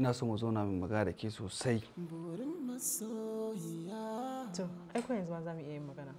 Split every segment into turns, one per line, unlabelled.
ina so mu zauna mai magana da ke sosai
to
ai ko yanzu ma za mu iya yin magana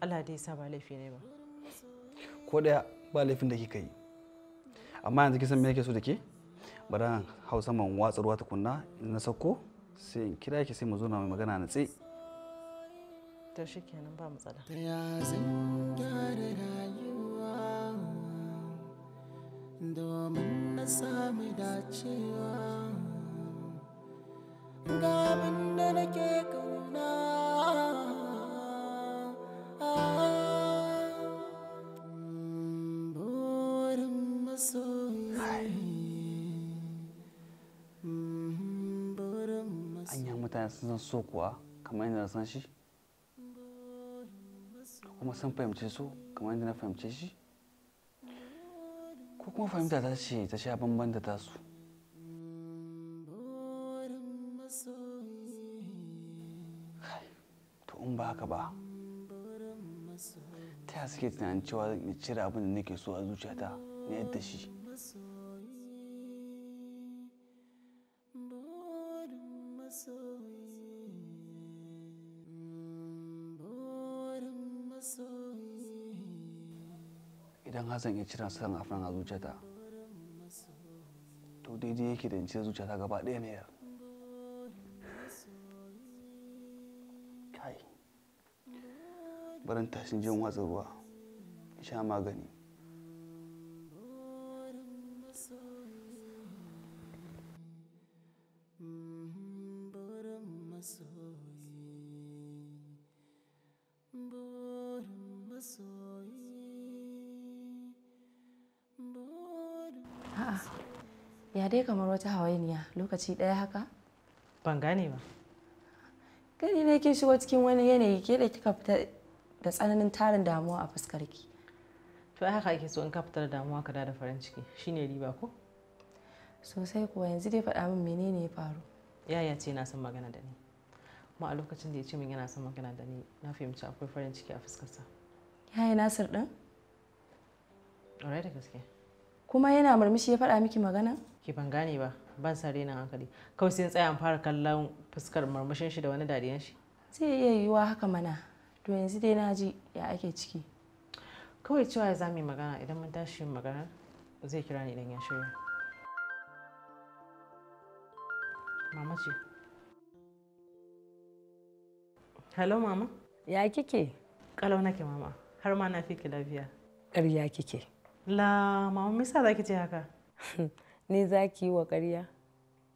Allah dai sa ba laifi ne ba
ko daya ba laifin da kika yi amma yanzu kisan me yake so da ke bari nan Hausa man watsa ruwa tukunna na sako sai in kira ki sai mu zauna mai magana na tse
shi kenan ba matsala domin na sami dacewa ga abin da nake kauna burin masoyi mm-hmm. burin masoyi
mutane sun san so kuwa kamar yadda san shi kuma sun fahimce su kamar yadda na fahimce shi ko kuma fahimta ta ce ta sha bamban da tasu to in ba haka ba ta suke tunanin cewa zan iya cire abin da nake so a zuciyata na yadda shi ma zan iya cire san afan a zuciyata to daidai yake da in cire zuciyata gaba ɗaya ne yar kai barin tashin jin watsa ruwa sha magani
kai kamar wata hawainiya lokaci ɗaya haka? Ban gane ba. Gani ne ke shigo cikin wani yanayi ke da kika fita da tsananin tarin damuwa a fuskarki. To ai haka ake
so in ka fitar damuwa ka da farin ciki shine riba ko?
Sosai kuwa yanzu dai faɗa min menene ya faru.
Yaya ce na son magana da ni. Kuma a lokacin da ya ce min yana son magana da ni na fahimci akwai farin ciki a fuskarsa.
Yaya Nasir ɗin? Ƙwarai da gaske. kuma yana murmushi ya faɗa miki magana
ke ban gane ba ban sa renin hankali kawai sai tsaya an fara kallon fuskar murmushin shi da wani dariyan shi
zai iya yiwuwa haka mana to yanzu dai na ji ya ake ciki kawai cewa ya zami magana idan
mun tashi magana zai kira ni idan ya shirya mama ce hello mama ya kike kalau nake mama har ma na fi ki lafiya
ƙarya kike La, mama me yasa zaki ce haka? Ni zaki yi wa ƙarya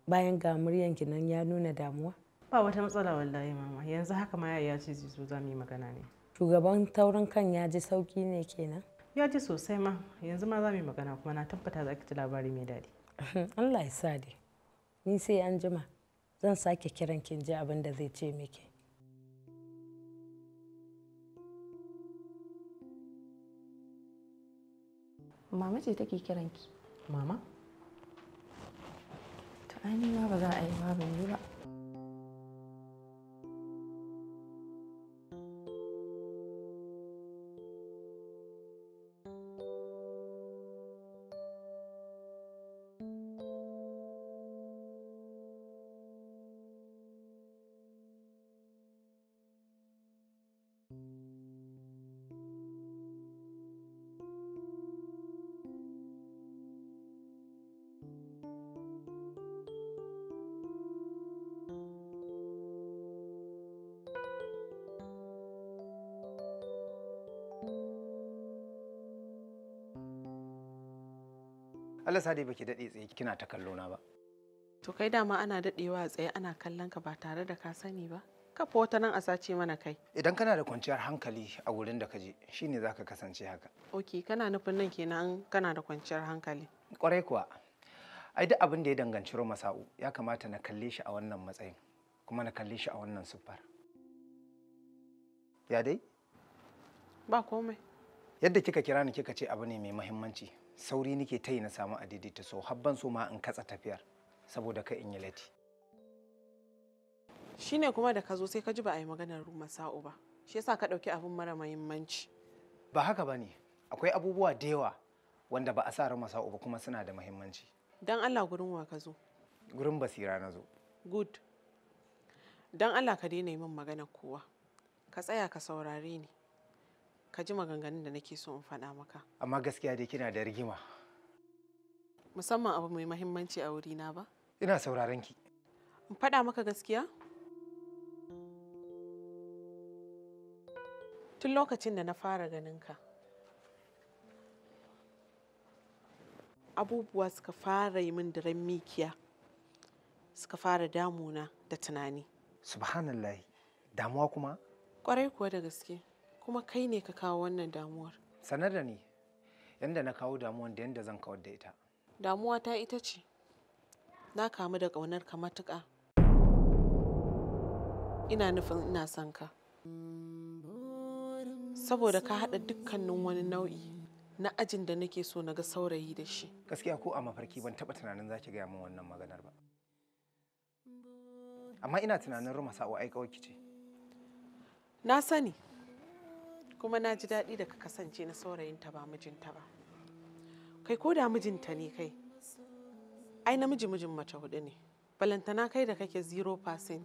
bayan ga muryanki nan ya nuna damuwa.
Ba wata matsala wallahi mama, yanzu haka ma ya ce zo za mu yi magana ne.
Shugaban taurin kan ya ji sauki ne kenan?
Ya ji sosai ma, yanzu ma za mu yi magana kuma na tabbata za ki ji labari mai daɗi. Allah ya sa dai.
Ni sai an jima. Zan sake kiran kin ji abin da zai ce miki.
mama ce take kiranki mama to ai ma ba za a yi ma ban yi ba
Allah sa dai baki daɗe tsaye kina ta kallo na ba.
To
kai dama ana daɗewa a tsaye ana kallon ka ba tare da ka sani ba. Kafa wata nan a sace mana kai.
Idan kana da kwanciyar hankali a wurin da ka je shine zaka kasance haka.
Ok kana nufin nan
kenan kana da kwanciyar hankali. Kwarai kuwa. Ai duk abin da ya danganci Roma Sa'u ya kamata na kalle shi a wannan matsayin kuma na kalle shi a wannan siffar. Ya dai? Ba komai. Yadda kika kira ni kika ce abu ne mai muhimmanci sauri nake ta na samu adidi ta so habban so ma in katsa tafiyar saboda ka in yi lati
shine kuma da ka zo sai ka ji ba a yi maganar ruma sa'o
ba shi yasa ka ɗauki
abin mara mahimmanci
ba haka ba ne akwai abubuwa da yawa wanda ba a sa ruma sa'o ba kuma suna da mahimmanci dan allah gurin wa ka zo gurin basira na zo good dan allah ka daina yi min maganar kowa
ka tsaya ka saurare ni ka ji maganganun da nake so in faɗa maka
amma gaskiya dai kina da rigima
musamman abu mai mahimmanci a wurina ba
ina sauraron ki
in faɗa maka gaskiya tun lokacin da na fara ganin ka abubuwa suka fara yi min daren mikiya
suka fara damuna da tunani subhanallah damuwa kuma
kwarai kuwa da gaske kuma kai ne ka kawo wannan damuwar
sanar da ni yadda na kawo damuwar da yadda zan kawar da ita
damuwa ta ita ce na kamu da ƙaunar ka matuka. ina nufin ina son ka saboda ka haɗa dukkanin wani nau'i na ajin da
nake so na ga saurayi da shi gaskiya ko a mafarki ban taɓa tunanin za ki gaya min wannan maganar ba amma ina tunanin ruma sa'o'ai kawai ce
na sani kuma na ji daɗi da ka kasance na saurayin ta ba mijinta ba kai ko da mijinta ne kai ai namiji mijin mace hudu ne balantana kai da kake 0%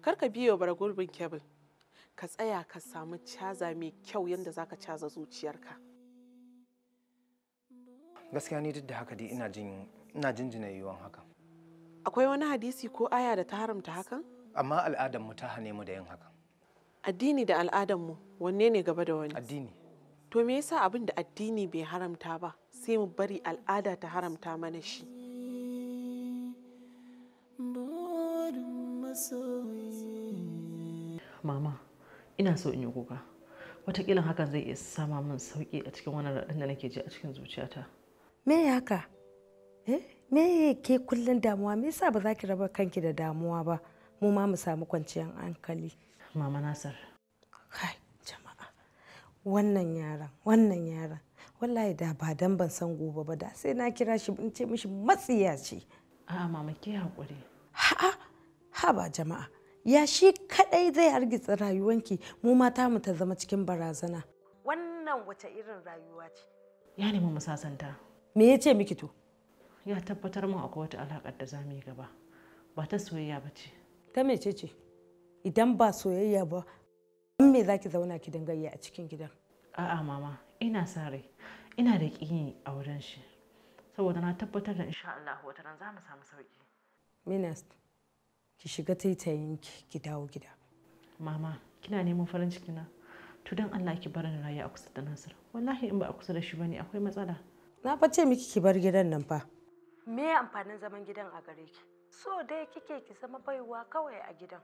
kar ka biyo bara gurbin kebul ka tsaya ka samu caza mai kyau yadda zaka caza zuciyarka
gaskiya ni duk da haka dai ina jin ina yiwuwan hakan akwai wani hadisi ko aya da ta haramta hakan amma al'adar mu ta hane mu da yin haka
addini da al'adarmu wanne ne gaba da wani addini to me yasa abin da addini bai haramta ba sai mu bari al'ada ta haramta mana shi
mama ina so in yi kuka watakila hakan zai iya sama min sauki a cikin wani raɗin da nake ji a cikin zuciyata
me ya haka eh, Me me ke kullun damuwa me yasa ba za ki raba kanki da damuwa ba mu ma mu samu kwanciyar hankali mama nasar kai jama'a wannan yaran wannan yaran wallahi da ba dan ban san gobe ba da sai na kira shi in ce mishi matsiya ce a'a mama ke hakuri ha'a ha ba jama'a ya shi kadai zai hargitsa rayuwanki mu mata mu ta zama cikin barazana wannan wace irin rayuwa ce
ya nemi mu sasanta me ya miki to ya tabbatar mu akwai wata alaƙar da za mu yi gaba ba ta soyayya ba ce ta mece ce idan ba soyayya ba in me zaki zauna ki dangayya a cikin gidan a'a mama ina sa rai ina da kini a wurin shi saboda na tabbatar da insha Allah wata ran za mu samu sauki minas ki shiga taitayin ki ki dawo gida mama kina neman farin ciki na to dan Allah ki bar ni rayu a kusa da Nasir wallahi in ba a kusa da shi bane akwai matsala na fa ce miki ki bar gidan nan fa
me amfanin zaman gidan a gare ki so dai kike ki zama baiwa kawai a gidan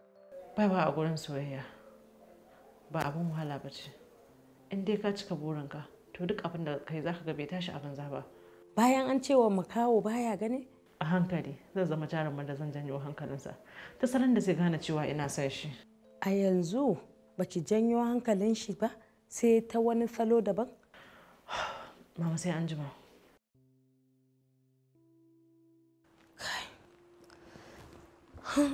baiwa a gurin soyayya ba abin wahala ba ce in dai ka cika burinka to duk abin da kai zaka ga bai tashi abin banza ba bayan an cewa makawo baya gani a hankali zan zama jarumin da zan janyo hankalinsa ta salon da zai gane cewa ina son shi a yanzu baki janyo hankalin shi ba sai ta wani salo daban mama sai an jima Huh?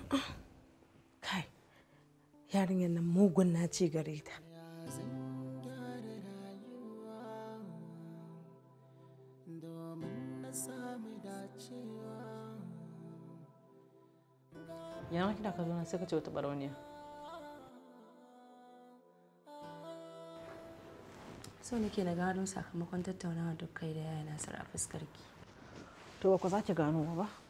yarinyar nan
mugun na ce gare ta
yana kina ka zo nan sai ka ce wata barauniya
sau nake na gano sakamakon tattaunawa duk da yaya nasar a fuskarki to ba ku za ki gano ba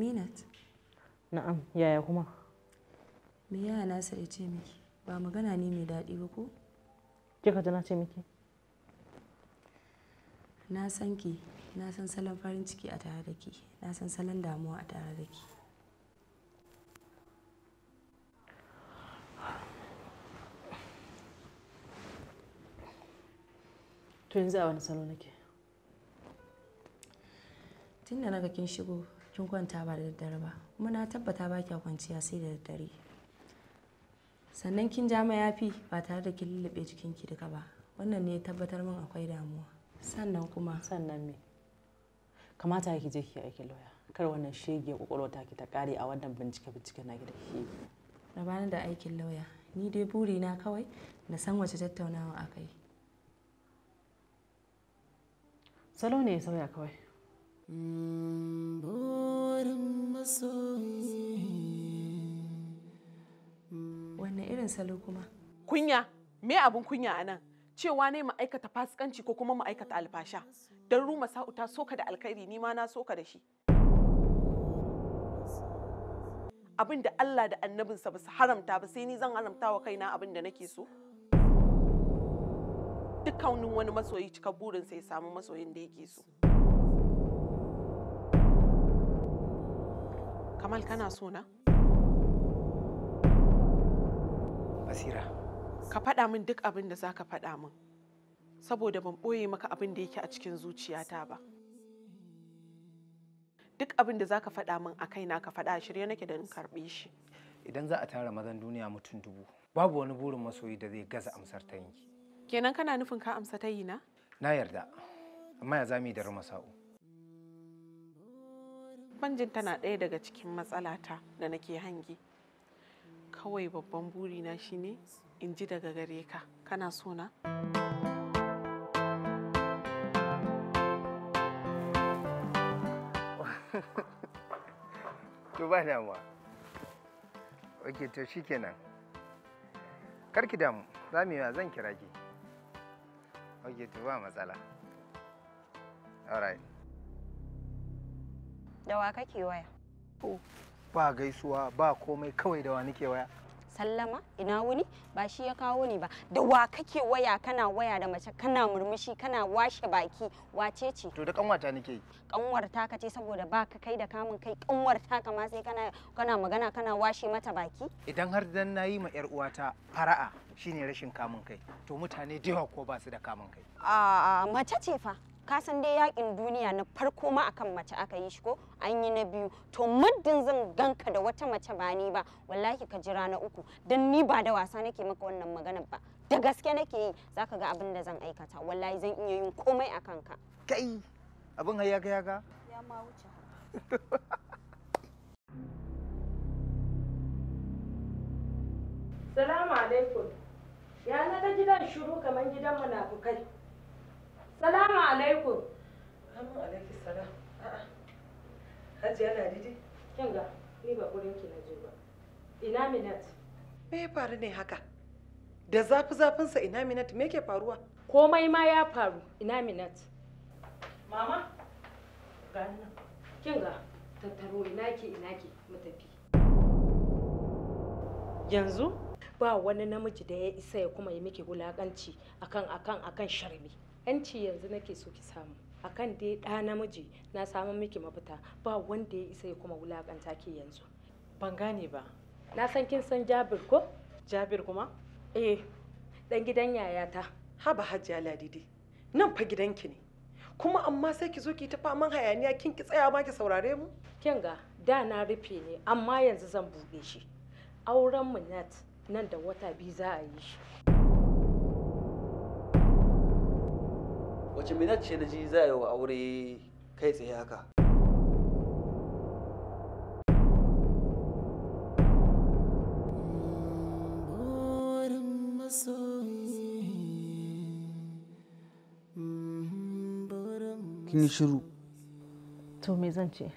Minat. Na'am, yaya kuma? Me yaya Nasir ya ce miki? Ba magana ne mai daɗi ba ko? Kika ji na ce miki? Na san ki, na san salon farin ciki a tare da ki, na san salon damuwa a tare da ki. To yanzu a wani salo nake? Tun da naga kin shigo kin kwanta ba da daddare ba kuma na tabbata ba kya kwanciya sai da daddare sannan kin ja mayafi ba tare da kin lullube jikinki duka ba wannan ne ya tabbatar min akwai damuwa sannan kuma sannan me kamata ki je ki aiki lawyer kar wannan
shege kwakwalwa ta ki ta kare a wannan bincike bincike na gida ki
bani da aikin lauya ni dai buri na kawai na san wace tattaunawa akai salo ne ya sauya kawai
Mm, Wanne irin
salo kuma kunya me abin kunya a nan cewa ne ma'aikata fasikanci ko kuma ma'aikata alfasha don ruma sa'uta soka da alkhairi ni ma na soka da shi abin da Allah da annabinsa ba su haramta ba sai ni zan haramta wa kaina abin da nake so dukkanin wani masoyi cika burinsa ya samu masoyin da yake so. Kamal kana so na? Basira. Ka faɗa min duk abin da za ka faɗa min. Saboda ban ɓoye maka abin da yake a cikin zuciyata ba. Duk abin da za ka faɗa min a kaina ka faɗa shirye nake da in karɓe shi.
Idan za a tara mazan duniya mutum dubu, babu wani burin masoyi da zai gaza amsar ta yi.
Kenan kana nufin ka amsa ta yi na?
Na yarda, amma ya zami da rama sa'o.
banjin tana ɗaya daga cikin matsalata da nake hangi kawai babban burina shine in ji daga gare ka kana sona
to ba damuwa ok to shikenan karki damu za mu yi zan kira ki ok to ba matsala alright
Da wa kake waya?
ba gaisuwa ba komai kawai da wa nake waya.
Sallama ina
wuni ba shi ya kawo ni ba. Da wa kake waya kana waya da mace kana murmushi kana washe
baki wace ce? To da kanwata nake yi. Kanwarta ka ce saboda ba ka kai da kamun kai kanwarta ka ma sai kana kana magana kana washe mata baki? Idan har dan nayi ma yar uwata fara'a shine rashin kamun kai. To mutane da yawa ko ba su da kamun kai.
A mace
ce fa. ka san dai yakin duniya na farko ma akan mace aka yi shi ko an yi na biyu to muddin zan ganka da wata mace ba ni ba wallahi ka jira na uku dan ni ba da wasa nake maka wannan maganar ba da gaske nake yi zaka ga abin da zan aikata wallahi zan iya yin
komai akan ka kai abin har ya ga ya ga ya ma wuce Salamu
alaikum. Ya na gidan shiru kamar gidan munafukai. Salamu alaikum. Salamu alaikum salam. A'a. Hajiya na didi? Kin ga ni ba gurin ki na je ba. Ina Minat? Me ya faru ne haka?
Da zafi zafinsa ina Minat me ke faruwa?
Komai ma ya faru ina Minat. Mama? Ga nan. tattaro ina ki ina ki mu tafi. Yanzu? Ba wani namiji da ya isa ya kuma yi miki wulakanci akan akan akan sharbi. 'yanci yanzu nake so ki samu akan dai ɗa namiji na samun miki mafita ba wanda ya isa ya kuma wulakanta ki yanzu ban gane ba na san kin san jabir ko jabir kuma eh dan gidan yayata haba hajiya ladidi nan fa gidanki ne kuma amma sai ki zo ki ta faman hayaniya kin ki tsaya ma ki saurare mu kin ga da na rufe ne amma yanzu zan buɗe shi auren mu nat nan da wata biyu za a yi shi
wace minat ce na ji za a yi wa aure kai tsaye haka kin yi shiru
to me zan ce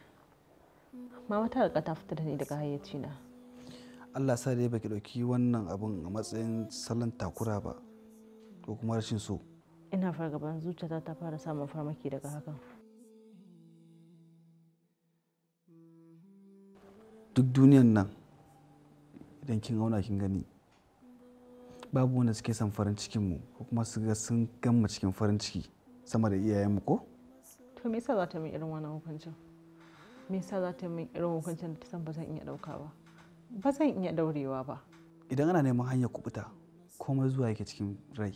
mama ta riga ta fita da ni daga hayyaci na
Allah sa dai baki dauki wannan abun a matsayin salon takura ba ko kuma rashin so
ina fargaban zuciyata ta fara samun farmaki daga hakan
duk duniyan nan idan kin auna kin gani babu wanda suke son farin cikinmu ko kuma su ga sun gama cikin farin ciki sama da iyayenmu ko
to me yasa za ta min irin wannan hukuncin me yasa za ta min irin hukuncin da ta san ba zan iya dauka ba ba zan iya daurewa ba
idan ana neman hanyar kubuta komai zuwa yake cikin rai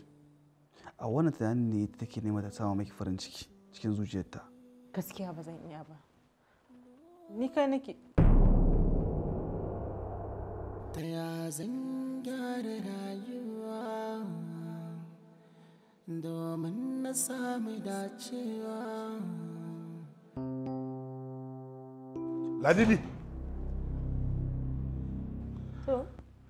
a wannan tunanin ne take nema ta samu maki farin ciki cikin zuciyarta
gaskiya ba zan iya ba ni kai
nake ta ya zan gyara rayuwa domin na sami dacewa
ladidi
to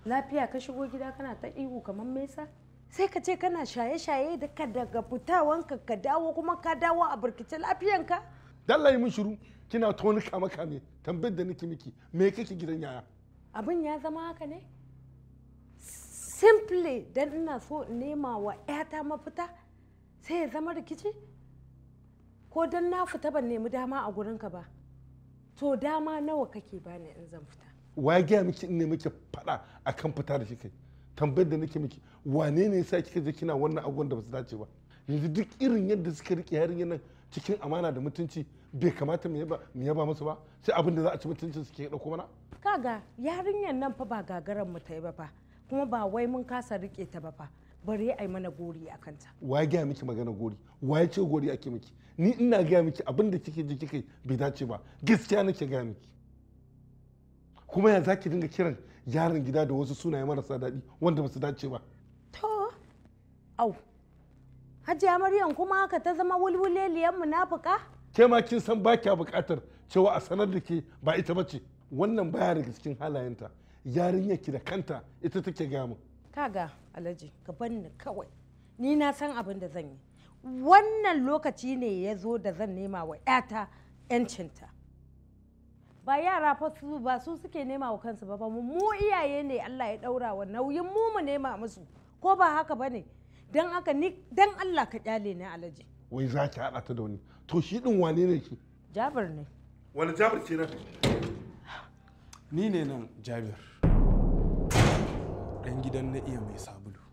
lafiya ka shigo gida kana ta ihu kamar mesa sai ka ce kana shaye-shaye da ka daga fitawanka ka dawo kuma ka dawo a burkice lafiyanka
dalla yi mun shiru kina toni kama kame tambayar da niki miki me kake gidan yaya
abin ya zama haka ne simply dan ina so in nema wa 'yata mafita sai ya zama rikici ko dan na fita ban nemi dama a gurinka ba to dama nawa kake bani in zan fita
wa gaya miki in ne miki fada akan fita da shi kai tambayar da nake miki wane ne yasa kika je kina wannan abubuwan da ba su dace ba yanzu duk irin yadda suka rike yarinya nan cikin amana da mutunci bai kamata mu yaba mu yaba musu ba sai abin da za a ci mutuncin ke dauko mana
kaga yarinyar nan fa ba gagaran mu ta yi ba fa kuma ba wai mun kasa rike ta ba fa bari ai mana gori a kanta
wa gaya miki magana gori wa ce gori ake miki ni ina gaya miki abin da kike ji kike bai dace ba gaskiya nake ga miki kuma ya zaki dinga kiran yaran gida da wasu sunaye marasa daɗi wanda ba su dace ba
to au hajiya maryam kuma haka ta zama wulwuleliyar munafuka
ke ma kin san ba kya buƙatar cewa a sanar da ke ba ita ba ce wannan baya daga cikin halayenta yarinyar ki da kanta ita take gaya mu.
kaga alhaji ka banni kawai ni na san abin da zan yi wannan lokaci ne ya zo da zan nema wa 'yata 'yancinta ba yara fa su ba su suke nema wa kansu ba ba mu iyaye ne Allah ya daura wa nauyin mu mu nema musu ko ba haka bane dan haka ni dan Allah ka kyale ni alaji
wai za ki hada ta da wani to shi din wane ne shi Jabir ne wani Jabir ce nan ni ne nan Jabir dan gidan na iya mai sabulu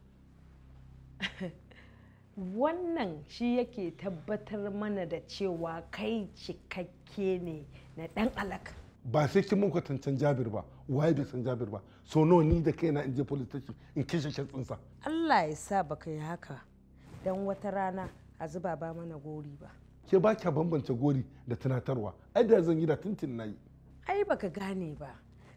wannan shi yake tabbatar mana da cewa kai cikakke ne na dan alaka
ba sai shi mun kwatancan jabir ba waye bai san jabir ba so nawa ni da kaina in je police station in kishe shatsinsa
Allah ya sa baka yi haka dan wata rana a zuba ba mana gori ba
ke ba kya bambance gori da tunatarwa ai da zan yi da tuntun nayi
ai baka gane ba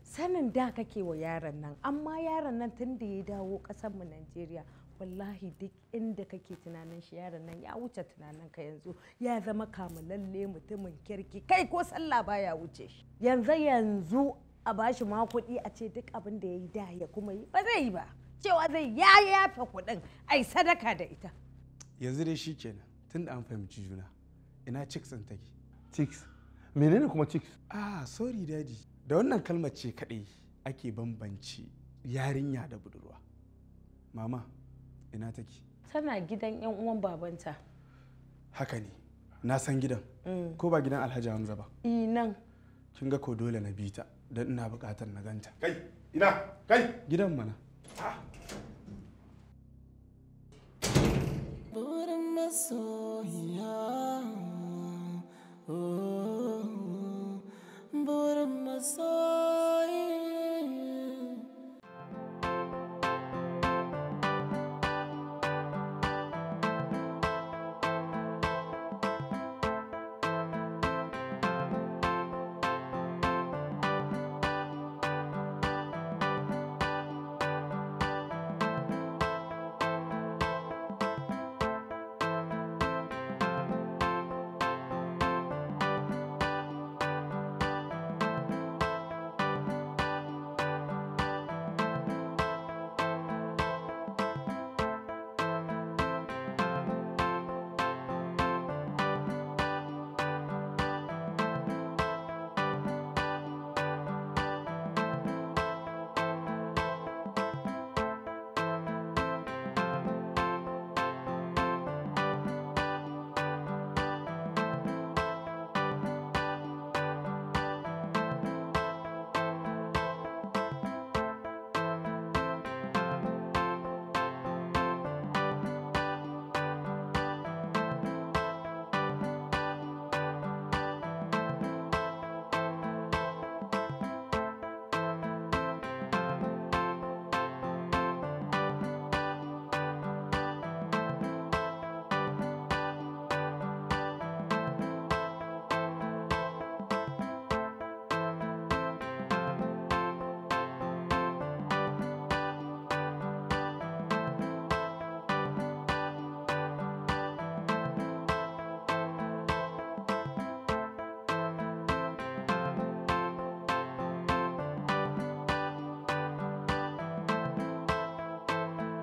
sanin da kake wa yaron nan amma yaron nan tun da ya dawo kasar mu Najeriya wallahi duk inda kake tunanin shi yaron nan ya wuce tunanin ka yanzu ya zama kamalalle mutumin kirki kai ko sallah baya wuce shi yanzu yanzu a bashi ma kuɗi a ce duk abin da ya yi da ya kuma yi ba zai yi ba cewa zai ya yafe kuɗin ai sadaka da ita
yanzu dai shi kenan tun da an fahimci juna ina chicks ɗin take chicks menene kuma chicks ah sorry daddy da wannan kalmar ce kaɗai ake bambanci yarinya da budurwa mama ina take
tana gidan yan uwan babanta
haka ne na san gidan mm. ko ba gidan alhaji hamza ba e, nan kin ga ko dole na bita don ina bukatar na ganta kai ina kai gidan mana ah.
burin maso